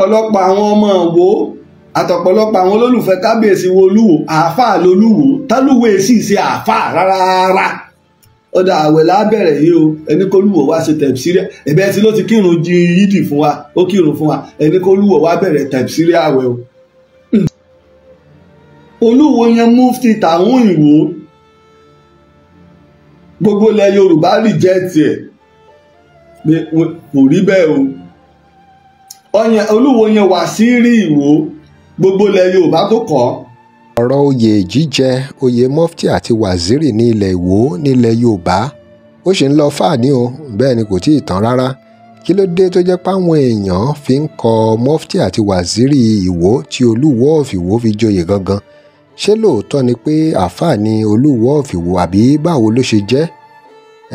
ọ̀pọ̀lọpọ̀ àwọn ọmọ Ìwó àtọ̀pọ̀lọpọ̀ àwọn olólùfẹ́ kábíyèsí wo olúwo àáfàá lolúwo tálúwo èsì ṣe àáfàá rárá ọ̀dà àwẹ̀ lábẹ̀rẹ̀ yìí o ẹni kó lúwo wá ṣe tẹ̀síríà ẹ̀bẹ̀ tí ló ti kírun jí yídì fún wa ó kírun fún wa ẹni kó lúwo wá bẹ̀rẹ̀ tẹ̀síríà àwẹ̀ o. olúwo yẹn mufti tàwọn Ìwó gbogbo ilẹ̀ Yorùbá rìjẹ́ẹ̀tì ẹ̀ pé kò rí bẹ́ẹ̀ o ọyàn olúwo yan wàsíírì ìwò gbogbo ilẹ̀ yorùbá tó kọ́. ọ̀rọ̀ oyè jíjẹ oyè mọ́fítì àti wàzírì ní ilẹ̀ ìwò nílẹ̀ yorùbá ó ṣì ń lọ fáàní o bẹ́ẹ̀ ni kò tí ì tán rárá kí ló dé tó jẹ́ páwọn èèyàn fi ń kọ mọ́fítì àti wàzírì ìwò tí olúwo ọ̀fìwò fi joyè gangan ṣé lóòótọ́ ni pé àáfàá ni olúwo ọ̀fìwò àbí báwo ló ṣe jẹ́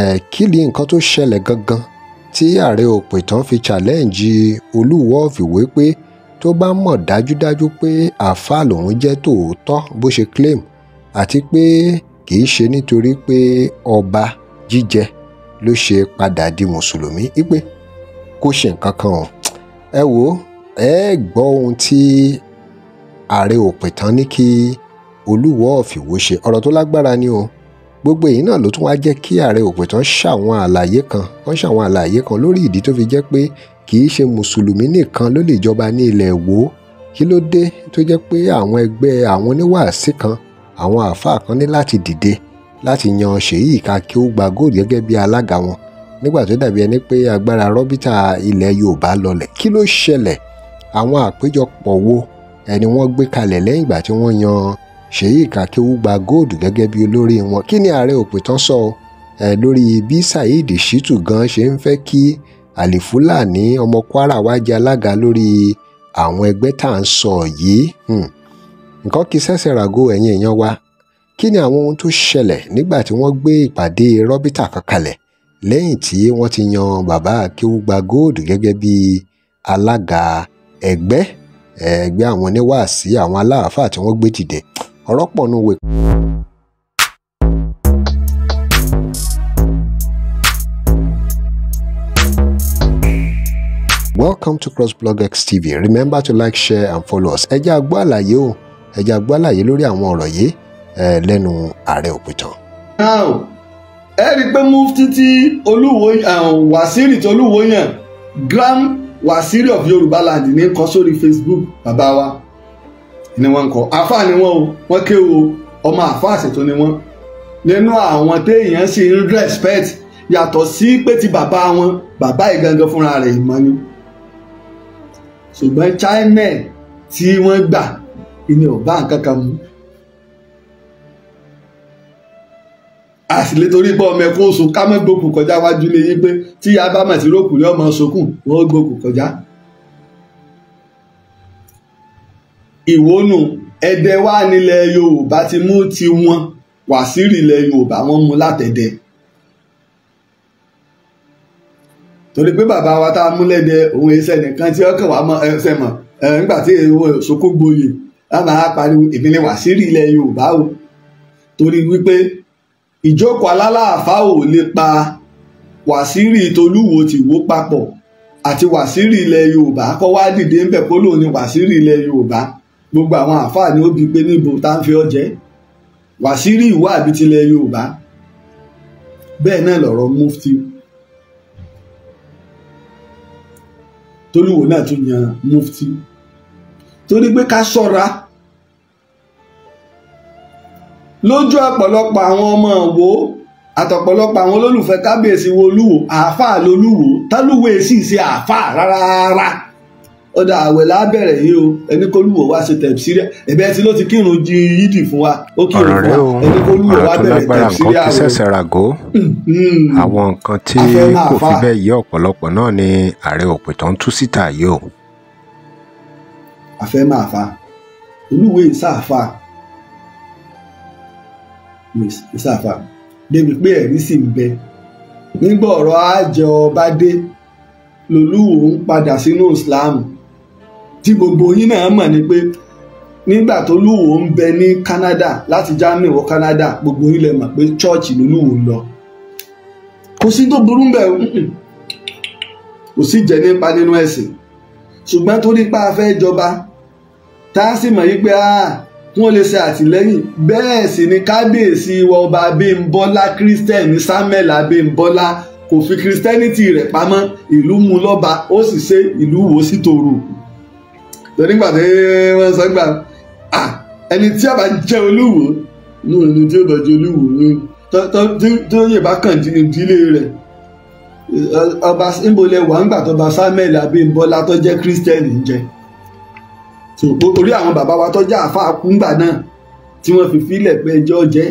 ẹ̀ kí ni nǹkan tó ṣẹlẹ̀ gangan tí ààrẹ òpìtàn fi challenge olúwọ́ọ́ fìwé pé tó bá mọ̀ dájúdájú pé àáfàá lòun jẹ́ tòótọ́ bó ṣe claim àti pé kìí ṣe nítorí pé ọba jíjẹ ló ṣe padà di mùsùlùmí ipe kò ṣe nǹkan kan o ẹ wo ẹ gbọ́ ohun tí ààrẹ òpìtàn ní kí olúwọ́ọ́ fìwé ṣe ọ̀rọ̀ tó lágbára ni o gbogbo èyí náà ló tún wá jẹ́ kí ààrẹ òpìtàn ṣàwọn àlàyé kan wọ́n ṣàwọn àlàyé kan lórí ìdí tó fi jẹ́ pé kì í ṣe mùsùlùmí nìkan ló lè jọba ní ilẹ̀ wo kí ló dé tó jẹ́ pé àwọn ẹgbẹ́ àwọn oníwàásí kan àwọn àáfàá kan ní láti dìde láti yan ṣèyí kakíó gba góòlù gẹ́gẹ́ bí alága wọn nígbà tó dàbí ẹni pé agbára rọ́bítà ilẹ̀ yorùbá lọlẹ̀ kí ló ṣẹlẹ̀ àwọn àpéjọpọ̀ wo ẹni wọ́n gbé kalẹ̀ lẹ́yìn ìgbà tí wọ́n yan Sheik Akewu gba góòdù gẹ́gẹ́ bí olórí wọn kí ni ààrẹ òpìtàn sọ ẹ lórí bí Saheed Shittu gan ṣe ń fẹ́ kí àlìfúlàní ọmọ Kwara wá jẹ alága lórí àwọn ẹgbẹ́ tá à ń sọ yìí nǹkan hmm. kí sẹ́sẹ̀ ràgó ẹ̀yin èèyàn wa kí ni àwọn ohun tó ṣẹlẹ̀ nígbà tí wọ́n gbé ìpàdé rọ́bítà kan lẹ́yìn tí wọ́n ti yan bàbá akéwúgba gold gẹ́gẹ́ bí alága ẹgbẹ́ ẹgbẹ́ àwọn oníwàásí àwọn aláàfáà tí wọ́n gbé dìde ọ̀rọ̀ pọ̀ nù wèé. Welcome to crossblogX TV. Remember to like, share and follow us. Ẹ jẹ́ a gbọ́ àlàyé o, ẹ jẹ́ a gbọ́ àlàyé lórí àwọn ọ̀rọ̀ yìí lẹ́nu Ààrẹ Òpìtàn. Ẹ rí i pé mufti tí olúwo eh, wàsíìrì tí olúwo yàn Gram Wàsíìrì of Yorùbá land ní kọ sórí Facebook bàbá wa ni wọ́n ń kọ́ àfáà ni wọ́n o wọ́n ké ọmọ àfáà ṣètò ni wọ́n nínú àwọn téèyàn sì ń respect yàtọ̀ sí pé ti bàbá wọn bàbá ìgangan fúnra rẹ̀ ìmọ̀ ni ṣùgbọ́n China tí wọ́n gbà ni ò bá nǹkan kan mu àsìlè torí pé ọmọ ẹkún oṣù ká mọ́ gbòkù kọjá wájú lé yí pé tí yaba mà ti rókù ní ọmọ ṣokùn wọ́n gbòkù kọjá. ìwónú ẹdẹ wà nílẹ̀ yorùbá ti mú tiwọn wàsíìrì ilẹ̀ yorùbá wọ́n mú látẹ̀dẹ torí pé bàbá wa tá a mú lẹ́dẹ òun ẹsẹ̀ nìkan tí ọkàn wa mọ ẹsẹ̀ mọ̀ nígbà tí ìwọ̀n gboyè a máa pariwo èmi ni wàsíìrì ilẹ̀ yorùbá o torí wípé ìjókòó alálàáfá ò lè pa wàsíìrì tolúwo ti wó papọ̀ àti wàsíìrì ilẹ̀ yorùbá kọ́ wá dìde ńbẹ̀ kó lóun ni wàsíìrì ilẹ̀ yorùbá gbogbo àwọn àáfàá ni ó bi pé níbo tá ń fi ọ jẹ wàsírí ìwà àbí tilẹ̀ yorùbá bẹ́ẹ̀ náà lọ̀rọ̀ mufti tolúwo náà tún yan mufti torí pé ká ṣọ́ra lójú ọ̀pọ̀lọpọ̀ àwọn ọmọ ìwò àtọ̀pọ̀lọpọ̀ àwọn olólùfẹ́ kábíyèsí wo olúwo àáfàá lolúwo tálúwo èsì ṣe àáfàá rárá rárá ọ̀dà àwẹ̀ lábẹ̀rẹ̀ yìí o ẹni kó lùwọ̀ wá ṣe tẹ̀síríà ẹ̀bẹ̀ ẹtí ló ti kírun jí yídì fún wa ó kírun fún wa ẹni kó lùwọ̀ wá bẹ̀rẹ̀ tẹ̀síríà rẹ̀. ṣẹ̀ṣẹ̀ ràgó hmm. àwọn nǹkan tí kò fi bẹ́ẹ̀ yé ọ̀pọ̀lọpọ̀ náà ni ààrẹ òpè tó ń tú síta yìí o. àfẹ́ máa fa olúwe ìsáàfà ìsáàfà débi pé ẹ̀rí sì ń bẹ nígbà ọ̀rọ̀ àjọ ọba dé lòlúwo ń padà sínú ìsìláàmù tí gbogbo yín náà mọ̀ ni pé nígbà tó lúwo ń bẹ ní Canada láti Germany wọ Canada gbogbo yín lè mọ̀ pé chọ́ọ̀chì ló lúwo ń lọ kò sí tó burú bẹ́ẹ̀ kò sí jẹ nípa nínú ẹ̀sìn ṣùgbọ́n torí pa afẹ́ jọba tá a sì mọ̀ yí pé ah, wọ́n lè ṣe àtìlẹ́yìn bẹ́ẹ̀ sì ni kábíyèsí ìwọ ọba Abímbọ́lá Christian Samuel Abímbọ́lá kò fi Christianity rẹ̀ pamọ́ ìlú mú lọ́ba ó sì ṣe ìlú wo sí tòrò nígbà tí wọ́n sọ gbà ẹni tí a bá jẹ́ olúwo inú ẹni tí ó bá jẹ́ olúwo ni tó yè bá kàn ìdílé rẹ̀ ọba ìmọ̀lẹ̀ wà ń gbà tó ba Samuel Abímbọ́lá tó jẹ́ kírísítẹ́nì ń jẹ orí àwọn bàbá wa tó jẹ́ àáfàá kúngbà náà tí wọ́n fi fílẹ̀ pé ẹjọ́ jẹ́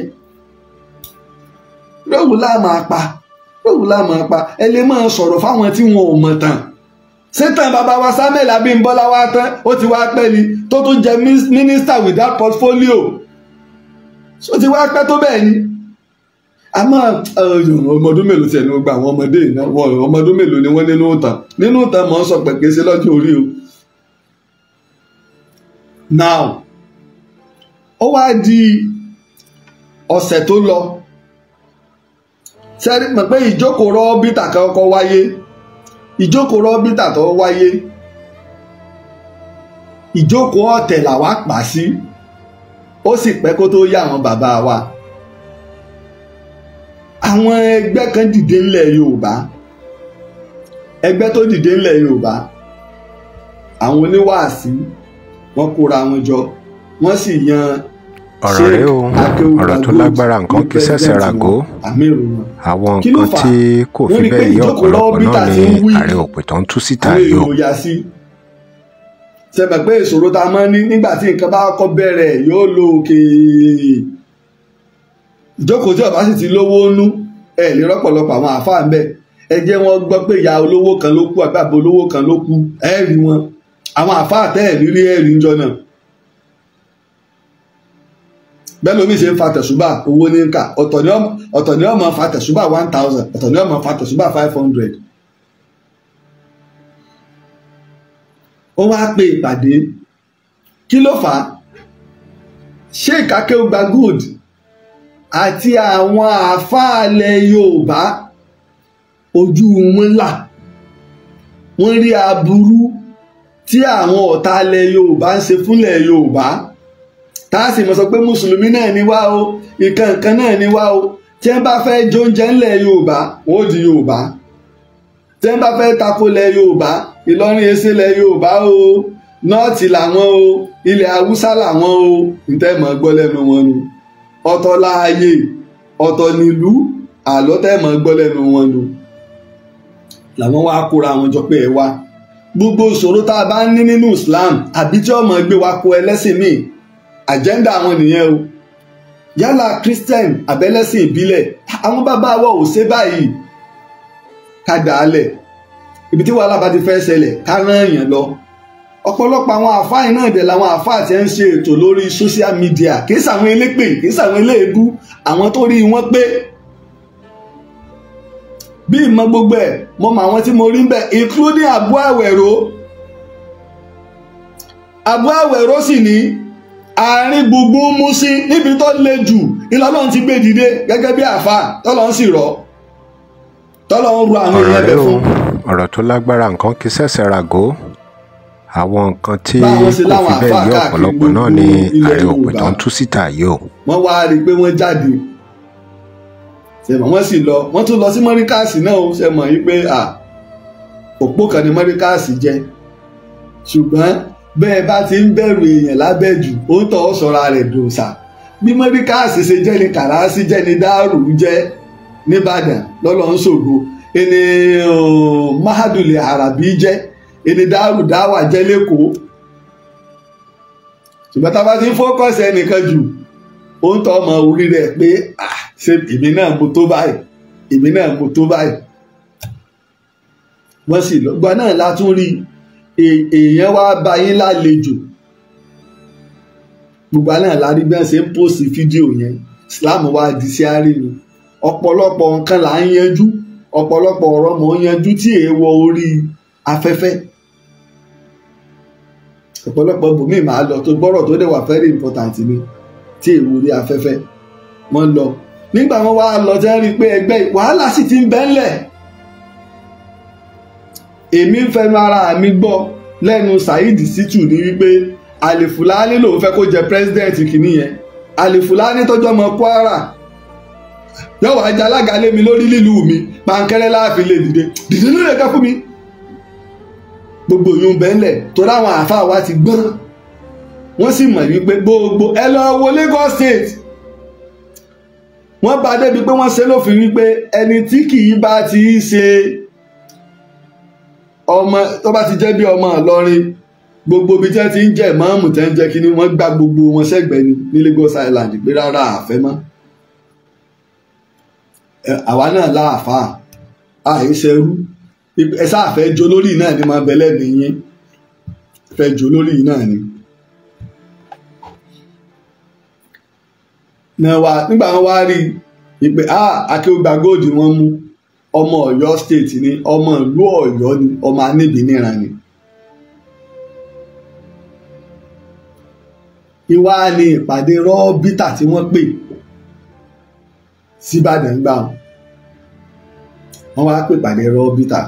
lóhùn láàmú apá lóhùn láàmú apá ẹ lè máa sọ̀rọ̀ fáwọn tí wọn ò mọ̀ tán sétan bàbá wa samuel abímbọ́lá wa tán ó ti wá pẹ́ ni tó tún jẹ minister without portfolio ó ti wá pẹ́ tó bẹ́ẹ̀ ni àmọ́ ọmọdún mélòó tiẹ̀ ni ó gba àwọn ọmọdé iná ọmọdún mélòó ni wọ́n nínú ìtàn nínú ìtàn mọ̀ ń sọ pẹ̀kẹ́ sí lọ́jọ́ orí o now ó wá di ọ̀sẹ̀ tó lọ sẹ́rí pẹ̀pẹ́ ìjókòó rọ́ọ́bítà kan kọ́ wáyé ìjókòó rọ́bítà tó wáyé ìjókòó ọ̀tẹ̀ làwa pa sí ó sì pẹ́ kó tó yá àwọn bàbá wa àwọn ẹgbẹ́ kan dìde ńlẹ̀ Yorùbá ẹgbẹ́ tó dìde ńlẹ̀ Yorùbá àwọn oníwàásí wọ́n kóra wọn jọ wọ́n sì yan ọ̀rọ̀ rẹ o ọ̀rọ̀ tó lágbára nǹkan kí sẹ́sẹ̀ ràgó àwọn nǹkan tí kò fi bẹ́ẹ̀ yé ọ̀pọ̀lọpọ̀ náà ni ààrẹ òpè tó ń tú síta yìí o. sẹ́fẹ̀ pé ìṣòro tá a máa ní nígbà tí nǹkan bá kọ́ bẹ̀rẹ̀ yóò lo òkè ìjókòó tí ọba sì ti lówó nú ẹ̀ lè rọ́pọ̀lọpọ̀ àwọn àáfàá ń bẹ̀ ẹ jẹ́ wọn gbọ́ pé ìyá olówó kan ló kú àbí àbò olówó kan ló kú ẹ̀ẹ́rì wọn àwọn àáfàá tẹ́ẹ̀ rírí ẹ̀rí ń jọ náà bẹ́ẹ̀ lómi ṣe ń fa tẹ̀sùbà owó ní ń kà ọ̀tọ̀ ni ọmọ fa tẹ̀sùbà one thousand ọ̀tọ̀ ni ọmọ fa tẹ̀sùbà five hundred. ó wá pe ìpàdé kí ló fà á sheik akéwùgbà good àti àwọn àfáàlẹ̀ yorùbá ojú wọn là wọ́n rí aburú tí àwọn ọ̀tá alẹ̀ yorùbá ń ṣe fúnlẹ̀ yorùbá tá a sì mọ̀ sọ pé mùsùlùmí náà ni wá o ìkan kan náà ni wá o tí wọ́n bá fẹ́ jóúnjẹ ńlẹ̀ yorùbá wọ́n ó di yorùbá tí wọ́n bá fẹ́ tako lẹ̀ yorùbá ìlọrin èsì lẹ̀ yorùbá o nọ́ọ̀tì làwọn o ilẹ̀ haúsá làwọn o ntẹ́mọ̀ gbọ́ lẹ́nu wọn nu ọ̀tọ̀ láàyè ọ̀tọ̀ nílùú àlọ́ tẹ́mọ̀ gbọ́ lẹ́nu wọn nu làwọn wá kóra àwọn jọ pé ẹ wá gbogbo ìṣòro tá a bá ń ní nínú Islam àbí tí ọmọ ẹgbẹ́ wa kó ẹlẹ́sìn míì agenda àwọn nìyẹn o yálà christian abẹ́lẹ́sìn ìbílẹ̀ àwọn bàbá wa ò ṣe báyìí ká dàálẹ̀ ibi tí wàhálà bá ti fẹ́ ṣẹlẹ̀ ká rán èèyàn lọ ọ̀pọ̀lọpọ̀ àwọn àfáà náà dẹ̀ làwọn àfáà ti ń ṣe ètò lórí social media kìí sàwọn elépè kìí sàwọn eléèbú àwọn tó rí wọn pé bí ìmọ̀ gbogbo ẹ̀ mo mọ àwọn tí mo rí ń bẹ̀ including Abu Awero Abu Awero sì ní àárín gbùngbùn mú sí níbi tó le jù ńlọ́lọ́run ti gbé dìde gẹ́gẹ́ bí àáfàá tọ́lọ́run sì rọ̀ tọ́lọ́run ru àwọn èèyàn bẹ̀ fún. ọ̀rọ̀ tó lágbára nǹkan kì í ṣẹ̀ṣẹ̀ ràgó àwọn nǹkan tí kò fi bẹ́ẹ̀ yé ọ̀pọ̀lọpọ̀ náà ni ààrẹ òpè tó ń tú síta yìí o. wọ́n wá rí i pé wọ́n jáde wọ́n sì lọ wọ́n tún lọ sí mọ́ríkàsì náà ṣe mọ̀ pé òpó kan ni mọ́ríkàsì jẹ ṣùgbọ́n bẹ́ẹ̀ bá ti ń bẹ̀rù èèyàn lábẹ́jù ó ń tọ́ sọ̀ra rẹ̀ dòṣà bí mọ́ríkàsì ṣe jẹ́ ni kàràsì jẹ́ ni dáàrú jẹ́ nìbàdàn lọ́lọ́nṣògo ẹni uh, mahadul arabi jẹ́ ẹni dáàrú dáwà jẹ́ lẹ́kọ̀ọ́ ṣùgbọ́n tá a bá ti ń fọ́kọ̀sì ẹnìkan jù ó ń tọ́ ọmọ orí rẹ̀ pé ṣe èmi náà mo tó báyìí èmi náà mo tó báyìí wọ́n sì lọ́gbọ́n náà látún rí i èèyàn wá bá yín lálejò gbogbo àná lárí bí wọ́n ṣe ń pòsì fídíò yẹn Islam wá di sí àárín ọ̀pọ̀lọpọ̀ nǹkan là ń yanjú ọ̀pọ̀lọpọ̀ ọ̀rọ̀ mò ń yanjú tí èèwọ̀ orí afẹ́fẹ́ ọ̀pọ̀lọpọ̀ bòmíì máa lọ tó gbọ́rọ̀ tó dẹ̀ wà very important ni tí èèwọ̀ orí afẹ́fẹ́ wọ́n lọ nígbà wọn wá lọ jẹ́ rí i pé ẹgbẹ́ wàhálà sì ti ń bẹ́ńlẹ̀ èmi ń fẹnu ara mi gbọ́ lẹ́nu Saheed Shittu ní wípé àlèfùlání lòun fẹ́ kó jẹ pírẹ́sidẹ̀ntì kìíní yẹn àlèfùlání tọ́jọ́ ọmọ Kwara yóò wá jẹ alága lé mi lórí lílùú mi pankẹ́rẹ́ láàfin lè dìde dìde lórí ẹ̀ka fún mi gbogbo yòó bẹ́ńlẹ̀ torí àwọn àáfàá wa ti gbọ́n wọ́n sì mọ̀ wípé gbogbo ẹ lọ wo Lagos State wọ́n bá débi pé wọ́n ṣe lófin wípé ẹni tí kì í bá ti í ṣe ọmọ tó bá ti jẹ́ bí ọmọ Ìlọrin gbogbo ibi tí wọ́n ti ń jẹ́ ìmáàmù tí wọ́n ń jẹ́ kí ni wọ́n gba gbogbo wọn sẹ́gbẹ̀ẹ́ ni ní Lagos Island pé rárá àfẹ́ mọ́ àwa náà láàfà àìṣerú ẹ sáàfẹ́ jo lórí náà ni máa bẹ̀lẹ́ nìyí fẹ́ jo lórí náà ni. nígbà wọn wá rí i pé ah, akéwìgbà góòdù wọn mú ọmọ Ọ̀yọ́ state ni ọmọ ìlú Ọ̀yọ́ ni ọmọ anìbíníran ni. ìwá ni ìpàdé rọ́bítà tí wọ́n pè síbàdàn gbà wọ́n wá pè pàdé rọ́bítà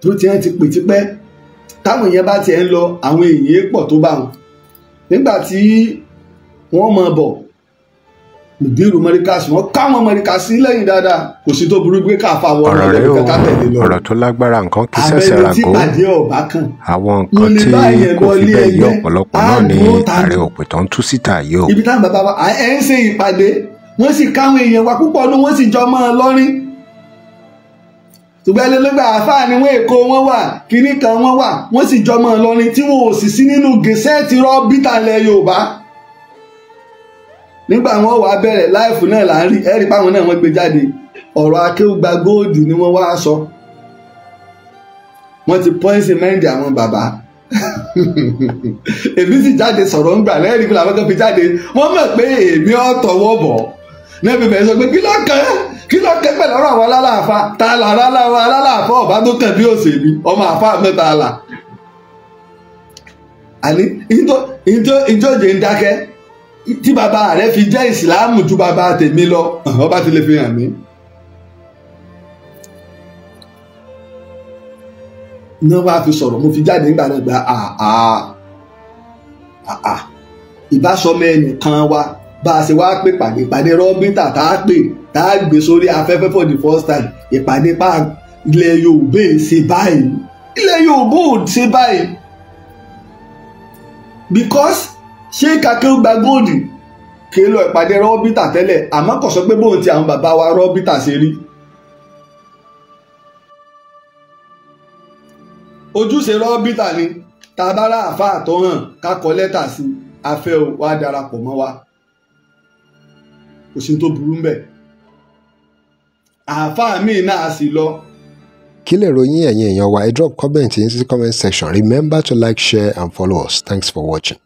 tó ti hàn ti pè tipẹ́ táwọn èèyàn bá tiẹ̀ ń lọ àwọn èèyàn pọ̀ tó bá wọn nígbà tí wọ́n mọ̀ bọ̀ mùdírù mọ́ríkàsì wọn káwọn mọ́ríkàsì lẹ́yìn dáadáa kò sí tó burú pé káfa wọn ọ̀rọ̀ rẹ o ọ̀rọ̀ tó lágbára nǹkan kì í ṣẹ̀ṣẹ̀ ra kó àwọn nǹkan tí kò fi bẹ́ẹ̀ yí ọ̀pọ̀lọpọ̀ náà ní ààrẹ òpè tó ń tú síta yìí o. ibi táwọn bàbá wa ẹ ń ṣe ìpàdé wọ́n sì káwọn èèyàn wa púpọ̀ ní wọ́n sì jọ mọ́ ọ lọ́rín ṣùgbọ́n ẹlẹ́lẹ́gbà àáfàá ni nígbà wọn wàá bẹ̀rẹ̀ láìfù náà là ń rí ẹ̀rí páwọn náà wọ́n gbé jáde ọ̀rọ̀ akéwùgbà góòdù ni wọ́n wá sọ wọ́n ti pọ́ìnsì mẹ́ǹdì àwọn bàbá èmi sì jáde sọ̀rọ̀ ń gbà lẹ́rìí fúlàfẹ́ kan fi jáde wọ́n mọ̀ pé èmi ọ̀tọ̀ wọ̀ bọ̀ nẹ́ẹ̀mí bẹ̀rẹ̀ sọ pé kí lọ́kàn kí lọ́kàn pẹ̀lú ọ̀rọ̀ àwọn alálàáfà ta là aláwọ̀ alálàáfà ọ̀bá tó kàn bí òsèlú ọmọ àfa mẹ́ta là àní ìjọ ìjọ ìjọ jẹ́ ń dákẹ́ tí bàbá rẹ fi jẹ́ ìsìláàmù ju bàbá tèmi lọ ọba ti lè fi hàn mí. náà wàá fi sọ̀rọ̀ mo fi jáde nígbà náà gba àà ah, àà ah, ah, ìbásọmọ ẹnìkan wa bá a ṣe wá pé pàdé ìpàdé rọ́bìtà tá a pè tá a gbé sórí afẹ́fẹ́ for the first time ìpàdé pa ilẹ̀ Yorùbá ṣe báyìí ilẹ̀ Yorùbá ò ṣe báyìí because ṣé kakẹ́ gba góòdì ké lọ ìpàdé rọ́bítà tẹ́lẹ̀ àmọ́ kò sọ pé bóun ti àwọn bàbá wa rọ́bítà ṣe rí. ojúṣe rọ́bítà ni tabara àfáà tó hàn ká kọ lẹ́tà sí afẹ́ o wá darapọ̀ mọ́ wa kò sí tó burú mbẹ̀ àáfàá mi náà sì lọ. kí lè ròyìn ẹ̀yin èèyàn wa ẹ drop comment in the comment section remember to like share and follow us thanks for watching.